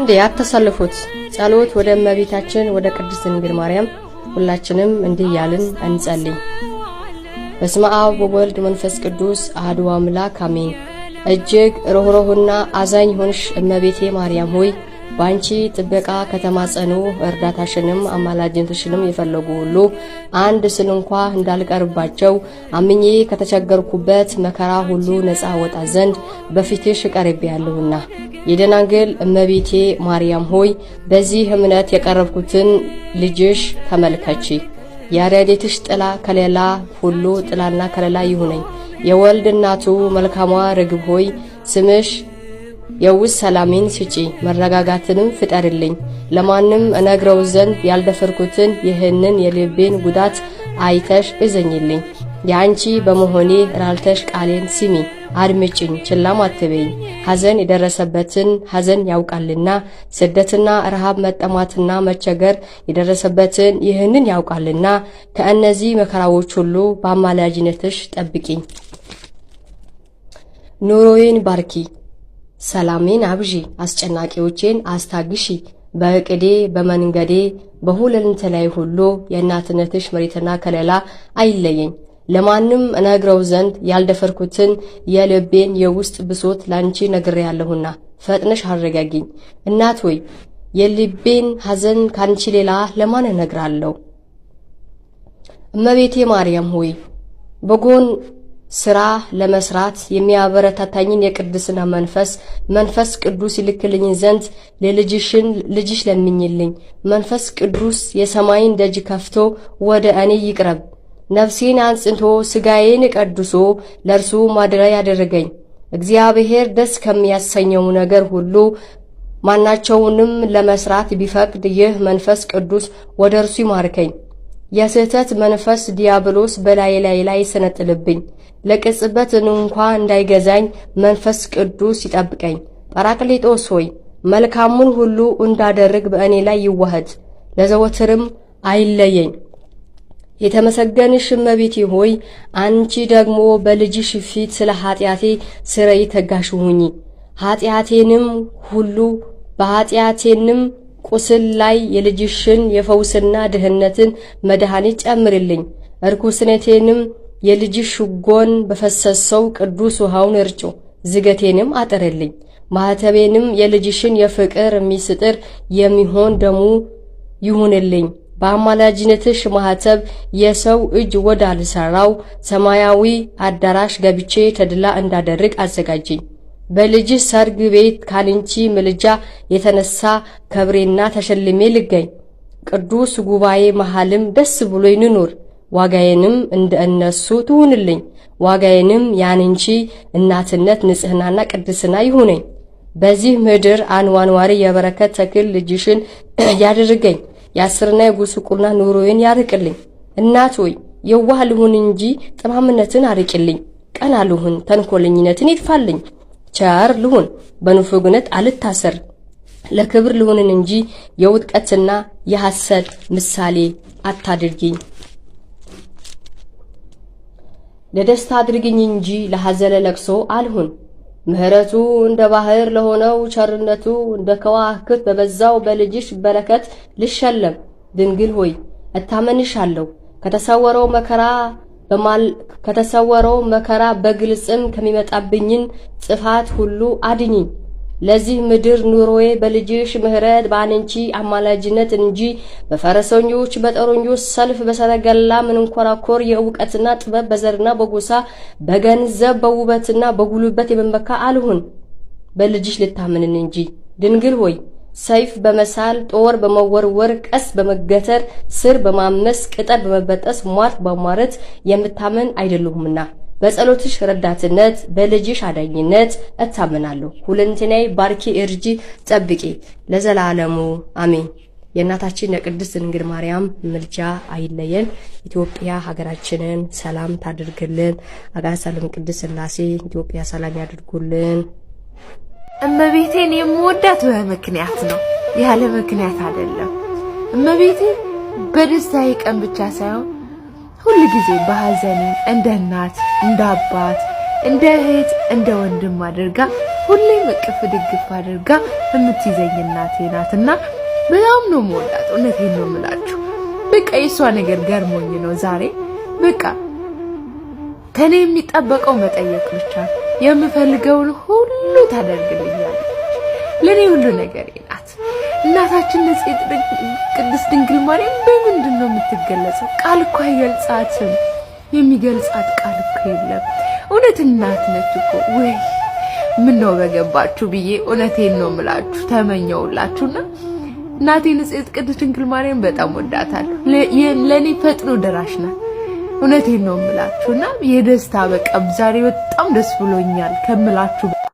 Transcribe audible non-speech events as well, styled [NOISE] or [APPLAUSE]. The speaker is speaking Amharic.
አንድ ያተሰልፉት ጸሎት ወደ እመቤታችን ወደ ቅድስት ድንግል ማርያም ሁላችንም እንዲህ እያልን እንጸልይ። በስመ አብ ወወልድ መንፈስ ቅዱስ አህዱ አምላክ አሜን። እጅግ ርኅሩህና አዛኝ ሆንሽ እመቤቴ ማርያም ሆይ ባንቺ ጥበቃ ከተማጸኑ እርዳታሽንም አማላጅነትሽንም የፈለጉ ሁሉ አንድ ስል እንኳ እንዳልቀርባቸው አምኜ ከተቸገርኩበት መከራ ሁሉ ነፃ ወጣ ዘንድ በፊትሽ ቀርቤያለሁና የደናግል እመቤቴ ማርያም ሆይ በዚህ እምነት የቀረብኩትን ልጅሽ ተመልከቺ። የረድኤትሽ ጥላ ከሌላ ሁሉ ጥላና ከለላ ይሁነኝ። የወልድ እናቱ መልካሟ ርግብ ሆይ ስምሽ የውስ ሰላሜን ስጪ፣ መረጋጋትንም ፍጠርልኝ። ለማንም እነግረው ዘንድ ያልደፈርኩትን ይህንን የልቤን ጉዳት አይተሽ እዘኝልኝ። የአንቺ በመሆኔ ራልተሽ ቃሌን ስሚ፣ አድምጭኝ፣ ችላም አትበኝ። ሐዘን የደረሰበትን ሐዘን ያውቃልና ስደትና ረሃብ መጠማትና መቸገር የደረሰበትን ይህንን ያውቃልና ከእነዚህ መከራዎች ሁሉ በአማላጅነትሽ ጠብቂኝ። ኑሮዬን ባርኪ ሰላሜን አብዢ፣ አስጨናቂዎቼን አስታግሺ። በእቅዴ በመንገዴ በሁለንተ ላይ ሁሉ የእናትነትሽ መሬትና ከለላ አይለየኝ። ለማንም እነግረው ዘንድ ያልደፈርኩትን የልቤን የውስጥ ብሶት ላንቺ ነግሬያለሁና ፈጥነሽ አረጋግኝ። እናት ሆይ የልቤን ሐዘን ካንቺ ሌላ ለማን እነግራለሁ? እመቤቴ ማርያም ሆይ በጎን ስራ ለመስራት የሚያበረታታኝን የቅድስና መንፈስ መንፈስ ቅዱስ ይልክልኝ ዘንድ ለልጅሽን ልጅሽ ለምኝልኝ። መንፈስ ቅዱስ የሰማይን ደጅ ከፍቶ ወደ እኔ ይቅረብ። ነፍሴን አንጽንቶ ስጋዬን ቀድሶ ለእርሱ ማደሪያ ያደረገኝ እግዚአብሔር ደስ ከሚያሰኘው ነገር ሁሉ ማናቸውንም ለመስራት ቢፈቅድ ይህ መንፈስ ቅዱስ ወደ እርሱ ይማርከኝ። የስህተት መንፈስ ዲያብሎስ በላይ ላይ ላይ ሰነጥልብኝ፣ ለቅጽበት እንኳ እንዳይገዛኝ መንፈስ ቅዱስ ይጠብቀኝ። ጳራቅሊጦስ ሆይ መልካሙን ሁሉ እንዳደርግ በእኔ ላይ ይዋሃድ፣ ለዘወትርም አይለየኝ። የተመሰገንሽ እመቤቴ ሆይ አንቺ ደግሞ በልጅሽ ፊት ስለ ኃጢአቴ ስረይ ተጋሽ ሁኚ ኃጢአቴንም ሁሉ በኃጢአቴንም ቁስል ላይ የልጅሽን የፈውስና ድህነትን መድኃኒት ጨምርልኝ፣ እርኩስነቴንም የልጅሽ ሽጎን በፈሰሰው ቅዱስ ውሃውን እርጩ፣ ዝገቴንም አጠረልኝ ማኅተቤንም የልጅሽን የፍቅር ሚስጥር የሚሆን ደሙ ይሁንልኝ። በአማላጅነትሽ ማኅተብ የሰው እጅ ወዳልሰራው ሰማያዊ አዳራሽ ገብቼ ተድላ እንዳደርግ አዘጋጅኝ። በልጅህ ሰርግ ቤት ካልንቺ ምልጃ የተነሳ ከብሬና ተሸልሜ ልገኝ። ቅዱስ ጉባኤ መሃልም ደስ ብሎኝ ንኑር። ዋጋዬንም እንደ እነሱ ትሁንልኝ። ዋጋዬንም ያንንቺ እናትነት ንጽህናና ቅድስና ይሁነኝ። በዚህ ምድር አንዋንዋሪ የበረከት ተክል ልጅሽን [CLEARS THROAT] ያድርገኝ። የአስርና የጉስቁልና ኑሮዬን ያርቅልኝ። እናት ሆይ የዋህ ልሁን እንጂ ጠማምነትን አርቅልኝ። ቀና ልሁን፣ ተንኮለኝነትን ይጥፋልኝ። ቸር ልሁን፣ በንፉግነት አልታሰር፣ ለክብር ልሁንን እንጂ የውጥቀትና የሐሰት ምሳሌ አታድርጊኝ። ለደስታ አድርግኝ እንጂ ለሐዘለ ለቅሶ አልሁን። ምሕረቱ እንደ ባህር ለሆነው ቸርነቱ እንደ ከዋክብት በበዛው በልጅሽ በረከት ልሸለም። ድንግል ሆይ እታመንሻለሁ ከተሰወረው መከራ ከተሰወረው መከራ በግልጽም ከሚመጣብኝን ጥፋት ሁሉ አድኝኝ። ለዚህ ምድር ኑሮዬ በልጅሽ ምሕረት በአንቺ አማላጅነት እንጂ በፈረሰኞች በጦረኞች ሰልፍ በሰረገላ ምንንኮራኮር የእውቀትና ጥበብ በዘርና በጎሳ በገንዘብ በውበትና በጉልበት የመመካ አልሁን። በልጅሽ ልታምንን እንጂ ድንግል ሆይ ሰይፍ በመሳል ጦር በመወርወር ቀስ በመገተር ስር በማመስ ቅጠል በመበጠስ ሟርት በሟርት የምታመን አይደሉምና በጸሎትሽ ረዳትነት በልጅሽ አዳኝነት እታመናለሁ። ሁለንተናዬ ባርኪ እርጂ ጠብቂ ለዘላለሙ አሜን። የእናታችን የቅድስት ድንግል ማርያም ምልጃ አይለየን። ኢትዮጵያ ሀገራችንን ሰላም ታድርግልን። አጋሳለም ቅድስት ሥላሴ ኢትዮጵያ ሰላም ያድርጉልን። እመቤቴን የምወዳት በምክንያት ነው፣ ያለ ምክንያት አይደለም። እመቤቴ በደስታዬ ቀን ብቻ ሳይሆን ሁል ጊዜ በሐዘንም እንደ እናት፣ እንደ አባት፣ እንደ እህት፣ እንደ ወንድም አድርጋ ሁሌም እቅፍ ድግፍ አድርጋ የምትይዘኝ እናቴ ናትና በጣም ነው የምወዳት። እውነቴን ነው የምላችሁ። በቃ የእሷ ነገር ገርሞኝ ነው ዛሬ በቃ ከኔ የሚጠበቀው መጠየቅ ብቻ የምፈልገውን ሁሉ ታደርግልኛለች። ለእኔ ሁሉ ነገር ናት። እናታችን ቅድስት ድንግል ማርያም በምንድን ነው የምትገለጸው? ቃል እኮ አይገልጻትም። የሚገልጻት ቃል እኮ የለም። እውነት እናት ነች እኮ ወይ ምን ነው በገባችሁ ብዬ እውነቴን ነው ምላችሁ ተመኘውላችሁና እናቴ ንጽሕት ቅድስት ድንግል ማርያም በጣም ወዳታለሁ። ለእኔ ፈጥኖ ደራሽ ናት። እውነቴን ነው የምላችሁ እና የደስታ በቃ ዛሬ በጣም ደስ ብሎኛል ከምላችሁ